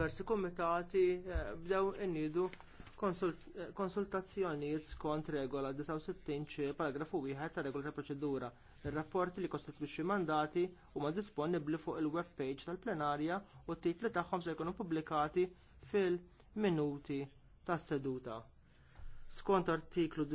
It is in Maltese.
diversi kumitati eh, bdew innidu eh, konsultazzjonijiet skont regola 69 c paragrafu wieħed ta' regola ta' proċedura. Ir-rapporti li kostitwixxi mandati huma disponibbli fuq il-web page tal-plenarja u t-titli tagħhom se jkunu ppubblikati fil-minuti tas-seduta. Skont artiklu